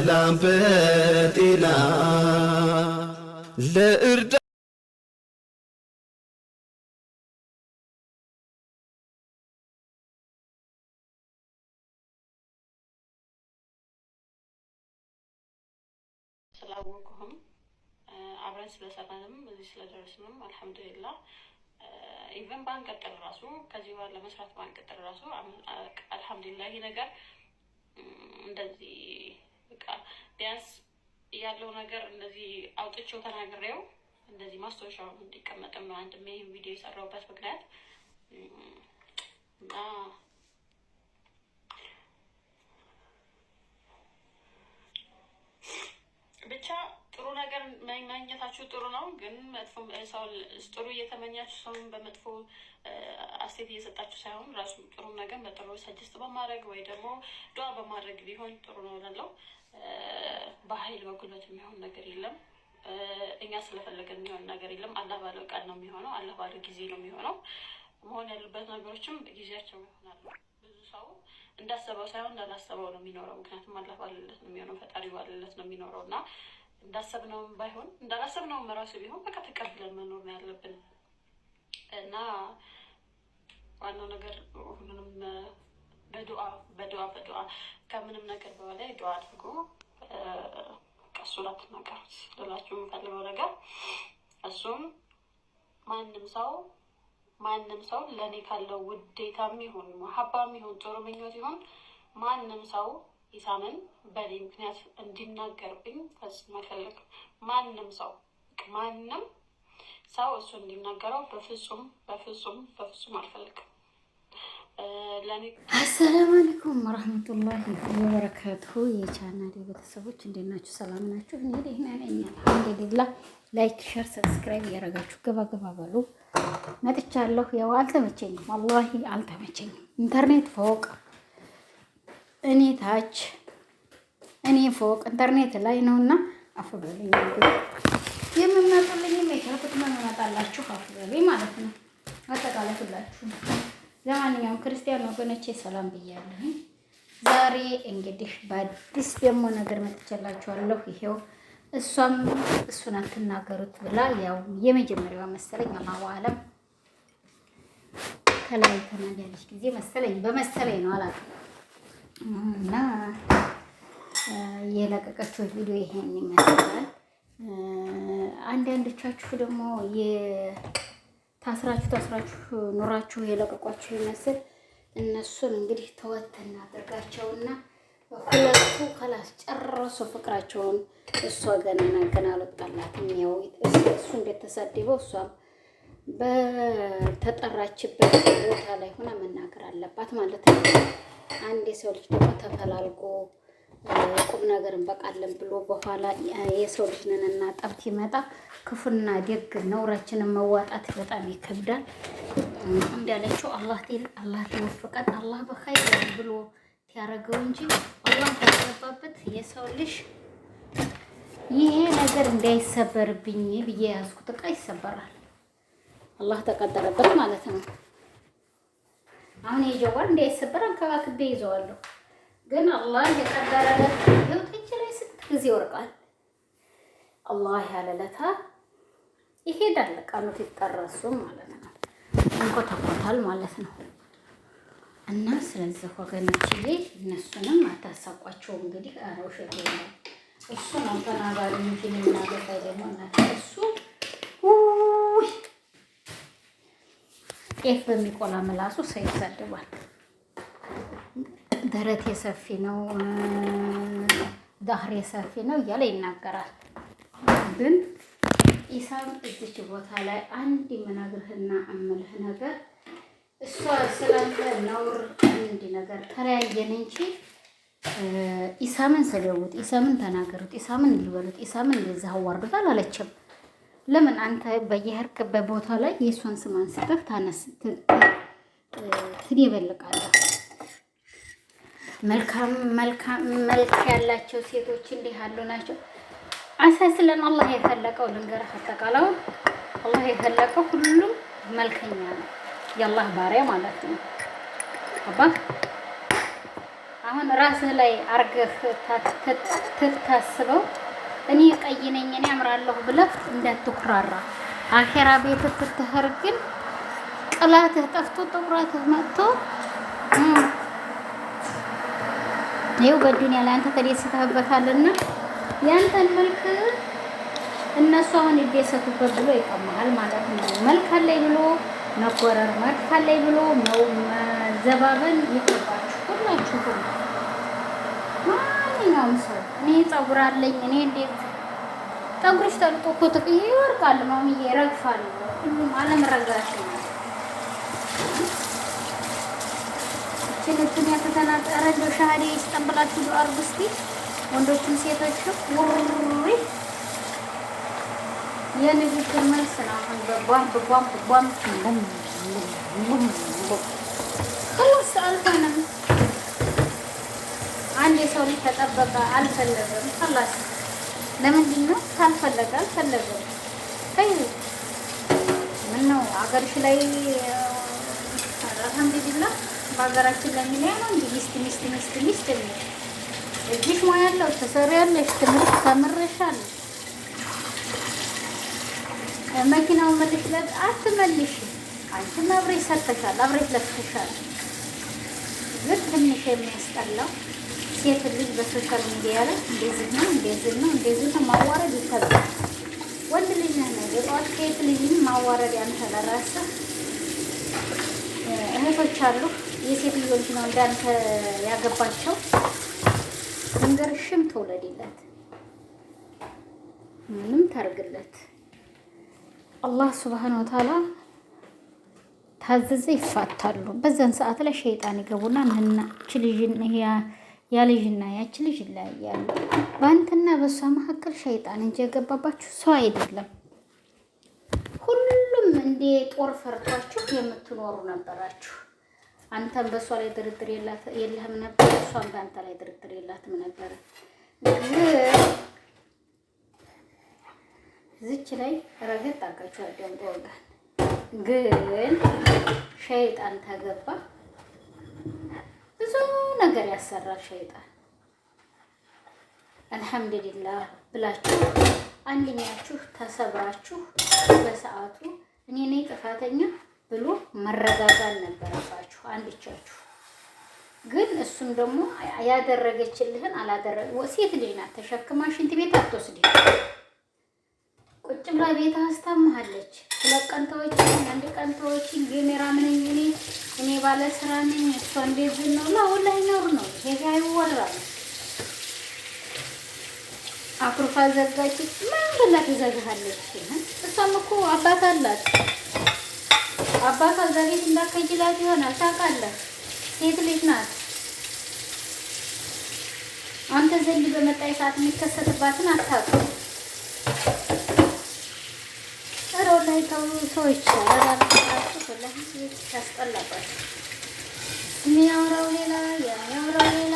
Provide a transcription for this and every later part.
በሰላም በጤና ለእርዳ ስላወቅሁም አብረን ስለሰራንም እዚህ ስለደረስንም አልሐምዱሊላህ ኢቨን ባንቀጥል ራሱ ከዚህ በኋላ ለመስራት ባንቀጥል ራሱ አልሐምዱሊላህ ይህ ነገር እንደዚህ በቃ ቢያንስ ያለው ነገር እንደዚህ አውጥቼው ተናግሬው እንደዚህ ማስታወሻው እንዲቀመጥም ነው አንድ ይህን ቪዲዮ የሰራሁበት ምክንያት እና ብቻ ጥሩ ነገር መመኘታችሁ ጥሩ ነው፣ ግን መጥፎ ሰው ጥሩ እየተመኛችሁ ሰውን በመጥፎ አስቴት እየሰጣችሁ ሳይሆን ራሱ ጥሩ ነገር በጥሩ ሰጅስት በማድረግ ወይ ደግሞ ዱዓ በማድረግ ቢሆን ጥሩ ነው ላለው በኃይል በጉልበት የሚሆን ነገር የለም። እኛ ስለፈለገ የሚሆን ነገር የለም። አላህ ባለው ቃል ነው የሚሆነው። አላህ ባለው ጊዜ ነው የሚሆነው። መሆን ያለበት ነገሮችም ጊዜያቸው ይሆናሉ። ብዙ ሰው እንዳሰበው ሳይሆን እንዳላሰበው ነው የሚኖረው። ምክንያቱም አላህ ባለለት ነው የሚሆነው፣ ፈጣሪ ባለለት ነው የሚኖረው እና እንዳሰብነውም ባይሆን እንዳላሰብነውም ራሱ ቢሆን በቃ ተቀብለን መኖር ነው ያለብን እና ዋናው ነገር ሁሉንም በዱዓ በዱዓ በዱዓ ከምንም ነገር በላይ ዱዓ አድርጎ ከእሱ ላትናገሩት ልላችሁ የምፈልገው ነገር እሱም ማንም ሰው ማንም ሰው ለእኔ ካለው ውዴታ ይሁን መሀባም ይሁን ጥሩ ምኞት ይሁን ማንም ሰው ኢሳምን በእኔ ምክንያት እንዲናገርብኝ ፈጽሞ ፈልግ ማንም ሰው ማንም ሰው እሱ እንዲናገረው በፍጹም በፍጹም በፍጹም አልፈልግም። አሰላሙ አለይኩም ወረህመቱላሂ ወበረካቱሁ የቻናሌ ቤተሰቦች እንዴት ናችሁ? ሰላም ናችሁ? እኔ ደህና ነኝ አልሐምዱሊላህ። ላይክ ሸር፣ ሰብስክራይብ እያደረጋችሁ ገባ ገባ በሉ። መጥቻለሁ። ያው አልተመቸኝም፣ ወላሂ አልተመቸኝም። ኢንተርኔት ፎቅ፣ እኔ ታች፣ እኔ ፎቅ፣ ኢንተርኔት ላይ ነው እና አፉ በሉኝ። የምመጡልኝ የቻልኩት መመጣላችሁ አፉ በሉኝ ማለት ነው። አጠቃላይ ሁላችሁ ለማንኛውም ክርስቲያን ወገኖቼ ሰላም ብያለሁኝ። ዛሬ እንግዲህ በአዲስ ደግሞ ነገር መጥቼላችኋለሁ። ይሄው እሷም እሱን አትናገሩት ብላ ያው የመጀመሪያዋ መሰለኝ አላሁ ከላይ ከማን ጊዜ መሰለኝ በመሰለኝ ነው አላውቅም። እና የለቀቀችው ቪዲዮ ይሄን ይመስላል። አንዳንዶቻችሁ ደግሞ ታስራችሁ ታስራችሁ ኑራችሁ የለቀቋችሁ ይመስል እነሱን እንግዲህ ተወት እናደርጋቸውና ሁለቱ ከላስ ጨረሱ ፍቅራቸውን። እሷ ገና ገና አልወጣላትም። ያው እሱ እንደተሰደበው እሷም በተጠራችበት ቦታ ላይ ሆና መናገር አለባት ማለት ነው። አንድ የሰው ልጅ ደግሞ ተፈላልጎ ቁም ነገር እንበቃለን ብሎ በኋላ የሰው ልጅ ነን እና ጠብት ይመጣ ክፉና ደግ ነውራችንን መዋጣት በጣም ይከብዳል። እንዳለችው አላህ ጤል አላህ ተወፈቀት አላህ በኸይር ብሎ ያደረገው እንጂ አላህ ያገባበት የሰው ልጅ ይሄ ነገር እንዳይሰበርብኝ ብዬ ያዝኩት ዕቃ ይሰበራል። አላህ ተቀጠረበት ማለት ነው። አሁን የጀዋል እንዳይሰበር አንከባክቤ ይዘዋለሁ። ግን አላህ የቀደረለት ይኸው ጥጅ ላይ ስንት ጊዜ ወርቃል። አላህ ያለለታ ይሄዳል። ቀኑት ይጠረሱም ማለት ነው እንኮተኮታል ማለት ነው። እና ስለዚህ ወገኖችዬ እነሱንም አታሳቋቸው። እንግዲህ አረው ሸ እሱ ነው ተናጋሪ እንጂ የምናገባ ደግሞ እናት እሱ ጤፍ በሚቆላ ምላሱ ሰው ይሳደባል። ደረት የሰፊ ነው፣ ዳህር የሰፊ ነው እያለ ይናገራል። ግን ኢሳም እዚች ቦታ ላይ አንድ የምነግርህና እምልህ ነገር እሷ ስላንተ ነውር አንድ ነገር ተለያየን እንጂ ኢሳምን ሰደቡት፣ ኢሳምን ተናገሩት፣ ኢሳምን እንዲበሉት፣ ኢሳምን እንደዚህ አዋርዱት አላለችም። ለምን አንተ በየሄድክበት ቦታ ላይ የእሷን ስም አንስተህ ታነስ ትደበልቃለህ? መልካም መልካም መልክ ያላቸው ሴቶች እንዲህ አሉ ናቸው። አሳስለን አላህ የፈለቀው ልንገርህ፣ አጠቃላው አላህ የፈለቀው ሁሉም መልከኛ ነው፣ የአላህ ባሪያ ማለት ነው። አባ አሁን ራስህ ላይ አርገህ ትታስበው እኔ ቀይ ነኝ እኔ አምራለሁ ብለህ እንዳትኩራራ። አኼራ ቤት ስትሄድ ግን ቅላትህ ጠፍቶ ጥቁረትህ መጥቶ ይኸው በዱንያ ላይ አንተ ተደስተህበታልና ያንተን መልክ እነሱ አሁን ይደሰቱበት ብሎ ይቀማል ማለት ነው። መልክ አለኝ ብሎ መኮረር፣ መልክ አለኝ ብሎ መዘባበን ሁላችሁ ሁሉ ማንኛውም ሰው እኔ አለኝ እኔ እንዴት ጠጉርሽ እኮ ትቅዬ ይወርቃል ነው ረግፋል። ሁሉም አለም ረጋሽ ነው። አገራችን ዱንያ ፈተና ጠረ እንደው ሻሃዴ ይስጠን ብላችሁ ዱአ አድርጉ እስኪ ወንዶችም ሴቶችም። ውሪ የንግግር መልስ ነው። አሁን በቧም በቧም በቧም ሁሉስ አልሆነም። አንድ የሰው ልጅ ተጠበቀ አልፈለገም። ላስ ለምንድን ነው ካልፈለገ አልፈለገም። ምነው አገርሽ ላይ በሀገራችን ላይ ምን ያህል አንድ ሚስት ሚስት ሚስት ሚስት ነው። እጅሽ ሙያ ትሰሪያለሽ፣ ትምህርት ተምረሻል። መኪናው መልሽ ለት አትመልሽ። አንቺም አብረሽ ሰርተሻል፣ አብረሽ ለፍተሻል። ግን ትንሽ የሚያስጠላው ሴት ልጅ በሶሻል ሚዲያ ላይ እንደዚህ ነው እንደዚህ ነው እንደዚህ ነው ማዋረድ ይከብዳል። ወንድ ልጅ ነው የጠዋት ሴት ልጅን ማዋረድ ያንተ ለራስህ እህቶች አሉ የሴትዮ ነው እንዳንተ ያገባቸው መንገርሽም ተውለድለት ምንም ታርግለት። አላህ ስብሐነሁ ወተዓላ ታዘዘ ይፋታሉ። በዛን ሰዓት ላይ ሸይጣን ይገቡና እናች ልጅን ያ ልጅና ያች ልጅ ይለያያሉ። በአንተና በእሷ መካከል ሸይጣን እንጂ የገባባችሁ ሰው አይደለም። ሁሉም እንደ ጦር ፈርቷችሁ የምትኖሩ ነበራችሁ። አንተም በእሷ ላይ ድርድር የለህም ነበር፣ እሷም በአንተ ላይ ድርድር የላትም ነበረ። ዝች ላይ ረገጥ አጋችሁ አደንቆ ወጋል። ግን ሸይጣን ተገባ፣ ብዙ ነገር ያሰራል ሸይጣን። አልሐምዱሊላህ ብላችሁ አንድኛችሁ ተሰብራችሁ በሰዓቱ እኔ ነኝ ጥፋተኛ ብሎ መረጋጋል ነበረባችሁ። እጃችሁ አንድ እጃችሁ ግን እሱም ደግሞ ያደረገችልህን አላደረገ ሴት ልጅ ናት። ተሸክማ ሽንት ቤት አትወስድ። ቁጭ ብላ ቤት አስታምሃለች። ሁለት ቀንታዎችን አንድ ቀንታዎችን ጌሜራ ምን እኔ እኔ ባለ ስራ ነኝ እሷ እንደዚህ ነው። ነው ላይ ኖር ነው ይሄ አይወራ አኩርፋ ዘጋች። ምን ብላ ትዘግሃለች? እሷም እኮ አባት አላት። አባቷ እዛ ቤት እንዳከጅላት ይሆናል። ታውቃለህ፣ ሴት ልጅ ናት። አንተ ዘንድ በመጣይ ሰዓት የሚከሰትባትን አታውቅም። ኧረ ወላሂ ተው ሰዎች ያስጠላባል። የሚያወራው ሌላ፣ የሚያወራው ሌላ።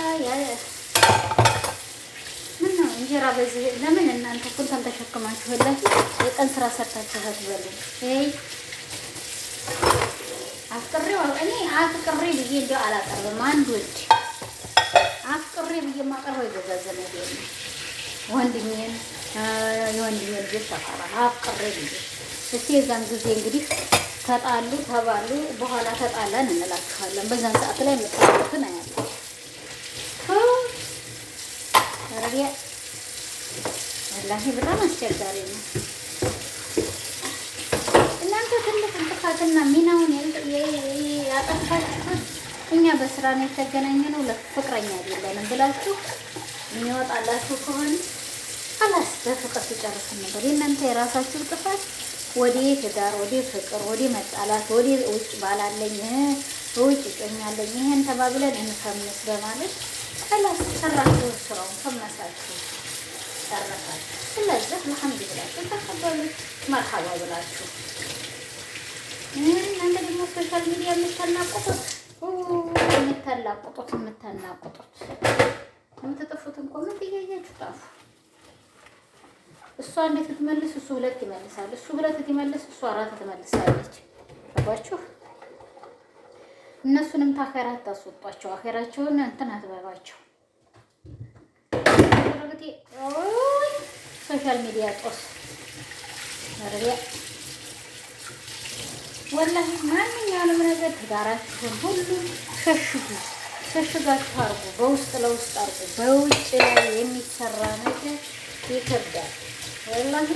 ምን ነው እንጀራ በዚህ ለምን እናንተ ኩንታን ተሸክማችሁ ሁላችሁ የቀን ስራ ሰርታችሁ አትበሉም? አፍቅሬ እኔ አፍቅሬ ብዬ እንደው አላቀርብም። አንድ ወድ አፍቅሬ ብዬ ማቀርበው የገዛ ዘመዴ ነው። ወንድሜን የወንድሜን ልጆች አፈራለሁ አፍቅሬ ብዬ። እስቲ የዛን ጊዜ እንግዲህ ተጣሉ ተባሉ፣ በኋላ ተጣላን እንላችኋለን። በዛን ሰዓት ላይ መጣሉትን አያለሁ ወላሂ በጣም አስቸጋሪ ነው። እናንተ ትልቅ እንቅፋትና ሚ ካጠፋችሁት እኛ በስራ ነው የተገናኘነው ለፍቅረኛ አይደለንም ብላችሁ የሚወጣላችሁ ከሆነ አላስ በፍቅር ትጨርሱ ነበር። የእናንተ የራሳችሁ ጥፋት ወደ ትዳር፣ ወደ ፍቅር፣ ወደ መጣላት፣ ወደ ውጭ ባላለኝ ውጭ ይጮኛለኝ ይሄን ተባብለን እንፈምስ በማለት አላስ ሰራችሁ ስራውን ፈመሳችሁ ጨረሳችሁ። ስለዚህ አልሐምዱሊላህ ተቀበሉ መርሐባ ብላችሁ ሶሻል ሚዲያ የምታናቁጡት የምታላቁጡት የምታናቁጡት የምትጥፉትን ኮመንት እያያችሁ ጣፉ። እሷ እንዴት ትመልስ? እሱ ሁለት ይመልሳል። እሱ ሁለት ትመልስ፣ እሱ አራት ትመልሳለች። አባችሁ እነሱንም ታኸራት ታስወጧቸው። አኸራቸውን እንትን አትበሏቸው። ሶሻል ሚዲያ ጦስ መረቢያ ወላሂ ማንኛውንም ነገር ትዳራችሁን ሁሉ ሸሽጉ፣ ሸሽጋችሁ አርጉ፣ በውስጥ ለውስጥ አርጉ። በውጭ ላይ የሚሰራ ነገር ይከብዳል። ወላሂ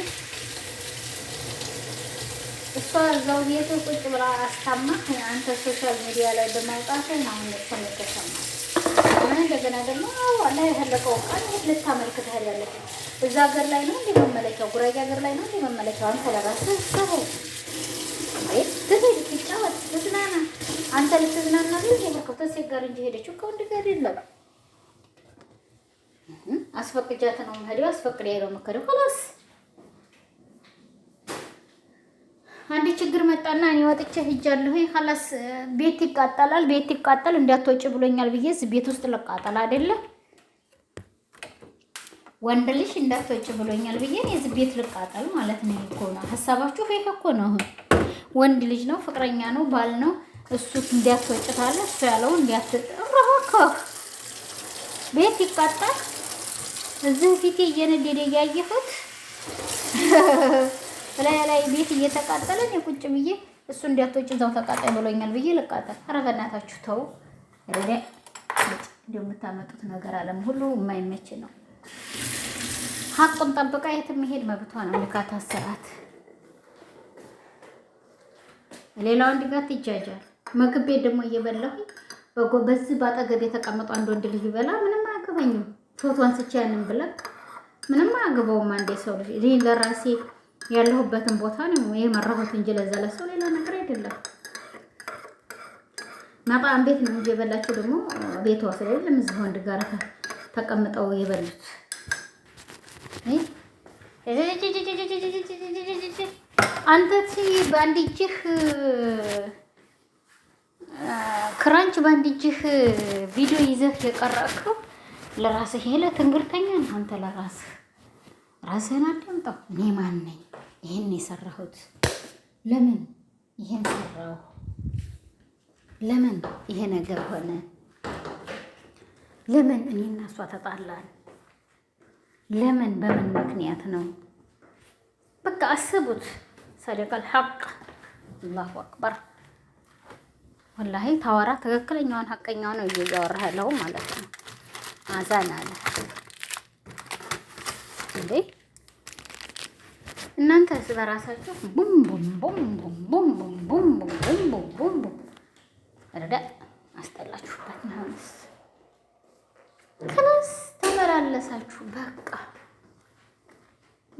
እሷ እዛው ቤት ቁጭ ብላ አስታማ አንተ ሶሻል ሚዲያ ላይ በማውጣት አሁን ተመተሰማ እንደገና ደግሞ አላ የፈለቀው ቃል ልታመልክት ያለች እዛ ሀገር ላይ ነው እንዲህ መመለኪያው፣ ጉራጌ ሀገር ላይ ነው እንዲህ መመለኪያው አንተ ለራስህ አንተ ልትዝናና ነው የሄድከው? ተሴት ጋር እንጂ ሄደችው ከወንድ ጋር የለም። አስፈቅጃት ነው የምሄደው፣ አስፈቅድ ያለው መከደው ከላስ አንድ ችግር መጣና እኔ ወጥቼ ሂጃለሁ። ከላስ ቤት ይቃጠላል፣ ቤት ይቃጠል እንዳትወጪ ብሎኛል ብዬ ቤት ውስጥ ልቃጠል አይደለ? ወንድ ልጅ እንዳትወጪ ብሎኛል ብዬ እኔ እዚህ ቤት ልቃጠል ማለት ነው። ይኮና ሀሳባችሁ ይሄ እኮ ነው። ወንድ ልጅ ነው፣ ፍቅረኛ ነው፣ ባል ነው እሱ እንዲያስወጭታለ እሱ ያለው እንዲያስወጭ ሮኮክ ቤት ይቃጣል። እዚህ ፊቴ እየነደደ እያየሁት ላይ ላይ ቤት እየተቃጠለ እኔ ቁጭ ብዬ እሱ እንዲያትወጭ እዛው ተቃጣይ ብሎኛል ብዬ ልቃጠል። ኧረ በእናታችሁ ተው። ረደ እንዲሁ የምታመጡት ነገር አለም ሁሉ የማይመች ነው። ሀቁን ጠብቃ የትም መሄድ መብቷ ነው። ልካታ ስርዓት ሌላውን ድጋት ይጃጃል። ምግብ ቤት ደግሞ እየበላሁ በዚህ ባጠገብ የተቀመጡ አንድ ወንድ ልጅ ይበላ ምንም አያገባኝም። ፎቶን አንስቼ ያንን ብለቅ ምንም አያገባውም። አንዴ ሰው ልጅ እኔ ለራሴ ያለሁበትን ቦታ ነው የመራሁት እንጂ ለዛ ለሰው ሌላ ነገር አይደለም። መጣም ቤት ነው እንጂ የበላቸው ደግሞ ቤቷ ስለሌለም እዚህ ወንድ ጋር ተቀምጠው የበሉት አንተ በአንድ እጅህ ክራንች ባንድ እጅህ ቪዲዮ ይዘህ የቀረቅከው ለራስህ ይሄ ለትንግርተኛ ነው። አንተ ለራስህ ራስህን አዳምጠው። እኔ ማን ነኝ? ይህን የሰራሁት ለምን ይህን ሰራሁ? ለምን ይሄ ነገር ሆነ? ለምን እኔ እሷ ተጣላን? ለምን በምን ምክንያት ነው? በቃ አስቡት። ሰደቀል ሐቅ። አላሁ አክበር ወላሂ ታወራ ትክክለኛውን ሀቀኛውን ነው እያወራህ ያለው ማለት ነው። አዛን አለ እንዴ እናንተ በራሳችሁ ቡም ቡም ቡም ቡም ቡም ቡም ቡም ቡም ቡም ቡም ረዳ አስጠላችሁበት። ናንስ ከላስ ተመላለሳችሁ በቃ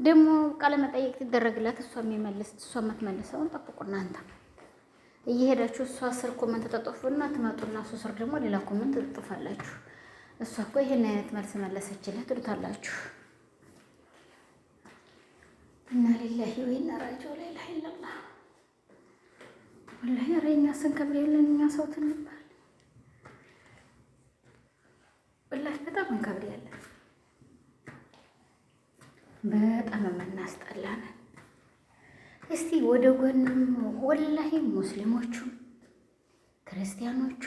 ደግሞ ቃለ መጠየቅ ትደረግላት እሷ የሚመልስ እሷ የምትመልሰውን ጠብቁ እናንተ እየሄዳችሁ እሷ ስር ኮመንት ተጠጥፉና ትመጡና እሷ ስር ደግሞ ሌላ ኮመንት ትጠጥፋላችሁ። እሷ እኮ ይህን አይነት መልስ መለሰችልህ ትሉታላችሁ። እና ሊላሂ ወይና ራጆ ሌላ ይለላ ወላሂ ረኛ ስንከብር የለን እኛ ሰው ትንባል ወላሂ በጣም እንከብር ያለን በጣም የምናስጠላነን እስቲ ወደ ጎንም ወላሂ ሙስሊሞቹ ክርስቲያኖቹ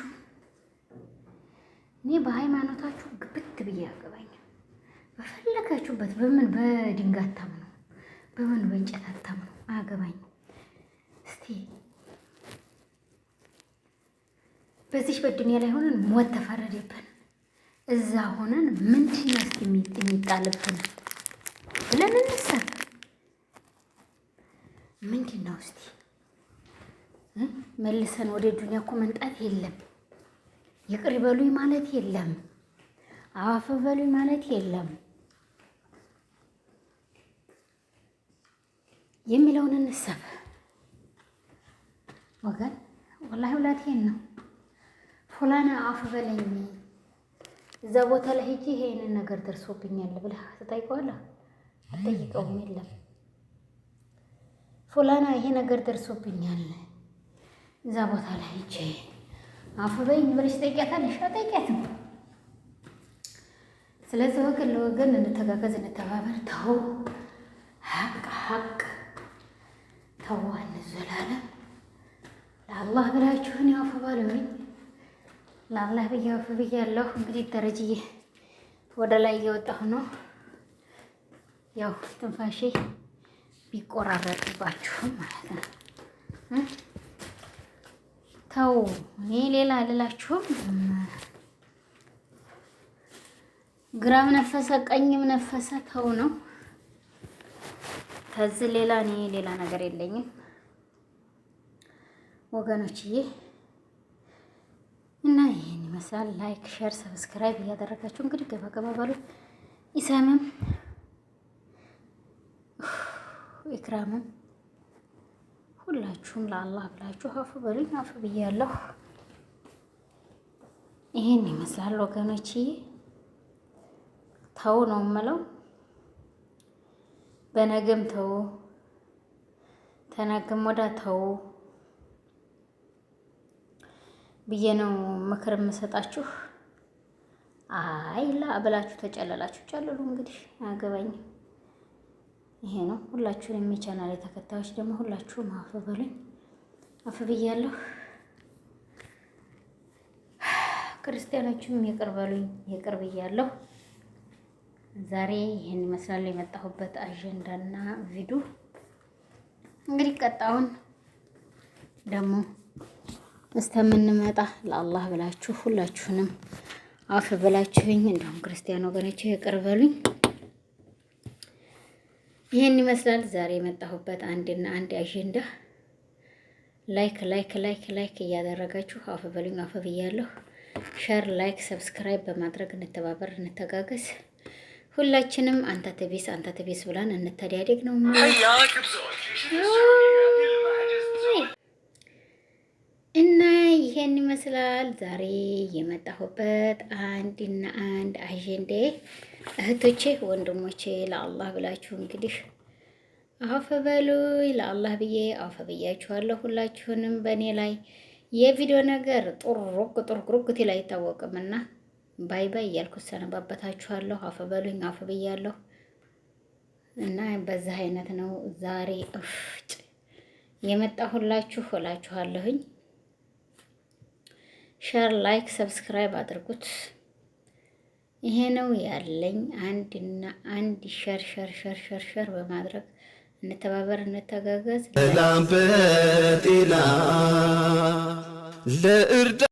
እኔ በሃይማኖታችሁ ግብት ብዬ ያገባኝ በፈለጋችሁበት በምን በድንጋይ አታምኑ፣ በምን በእንጨት አታምኑ፣ አያገባኝ። እስቲ በዚህ በዱንያ ላይ ሆነን ሞት ተፈረደብን፣ እዛ ሆነን ምንድን ነው የሚጣልብን ብለን እንሰብ ምንድን ነው እስቲ መልሰን ወደ ዱኒያ እኮ መምጣት የለም። ይቅር በሉኝ ማለት የለም። አዋፈ በሉኝ ማለት የለም። የሚለውን እንሰብ ወገን፣ ወላሂ ሁላቴን ነው ፎላና አፍ በለኝ እዛ ቦታ ላይ ሂጂ ይሄንን ነገር ደርሶብኛል ብለህ ትጠይቀዋለህ? አጠይቀውም የለም ፎላና ይሄ ነገር ደርሶብኛል፣ እዛ ቦታ ላይ ሂጅ አፍ በይኝ ብለሽ ጠይቂያታለሽ። አጠይቂያትም። ስለዚህ ወገን ለወገን እንተጋገዝ፣ እንተባበር። ተው ሀቅ ሀቅ ተው አንዘላለም። ለአላህ ብላችሁን ያፉ ባለሁኝ ለአላህ ብዬ አፉ ብያለሁ። እንግዲህ ደረጅዬ ወደ ላይ እየወጣሁ ነው ያው ትንፋሼ ቢቆራረጥባችሁም ማለት ነው። ተው እኔ ሌላ ልላችሁም ግራም ነፈሰ ቀኝም ነፈሰ ተው ነው። ከዚህ ሌላ እኔ ሌላ ነገር የለኝም ወገኖችዬ። እና ይህን ይመስላል። ላይክ፣ ሼር፣ ሰብስክራይብ እያደረጋችሁ እንግዲህ ገባ ገባ በሉ። ኢሳምም ኢክራምም ሁላችሁም ለአላህ ብላችሁ አፉ በሉኝ። አፉ ብያለሁ። ይህን ይመስላል ወገኖችዬ። ተው ነው የምለው። በነገም ተው፣ ተነግም ወዳ ተው ብዬ ነው ምክር የምሰጣችሁ። አይ ላ ብላችሁ ተጨለላችሁ ጨለሉ እንግዲህ አያገባኝም። ይሄ ነው። ሁላችሁን የሚቻናል የተከታዮች ደግሞ ሁላችሁም አፍ በሉኝ፣ አፍ ብያለሁ። ክርስቲያኖችም ይቅር በሉኝ፣ ይቅር ብያለሁ። ዛሬ ይህን ይመስላል የመጣሁበት አጀንዳና ቪዲዮ። እንግዲህ ቀጣውን ደግሞ እስከምንመጣ ለአላህ ብላችሁ ሁላችሁንም አፍ ብላችሁኝ፣ እንዲሁም ክርስቲያን ወገኖቼ ይቅር በሉኝ። ይህን ይመስላል ዛሬ የመጣሁበት አንድና አንድ አጀንዳ። ላይክ ላይክ ላይክ ላይክ እያደረጋችሁ አፍ በሉኝ፣ አፍ ብያለሁ። ሸር፣ ላይክ፣ ሰብስክራይብ በማድረግ እንተባበር፣ እንተጋገዝ። ሁላችንም አንተ ትቢስ አንተ ትቢስ ብላን እንተዳደግ ነው። እና ይሄን ይመስላል ዛሬ የመጣሁበት አንድና አንድ አጀንዳ እህቶቼ ወንድሞቼ፣ ለአላህ ብላችሁ እንግዲህ አፈ በሉኝ። ለአላህ ብዬ አፈ ብያችኋለሁ ሁላችሁንም። በእኔ ላይ የቪዲዮ ነገር ጡሩቅ ጡርጉርጉት ላይ አይታወቅም ባይ ባይ እያልኩ ሰነባበታችኋለሁ። አፈ በሉኝ፣ አፈ ብያለሁ እና በዛ አይነት ነው ዛሬ እፍጭ የመጣሁላችሁ እላችኋለሁኝ። ሸር ላይክ፣ ሰብስክራይብ አድርጉት። ይሄ ነው ያለኝ። አንድና አንድ ሸር ሸር ሸር ሸር ሸር በማድረግ እንተባበር፣ እንተጋገዝ ለእርዳ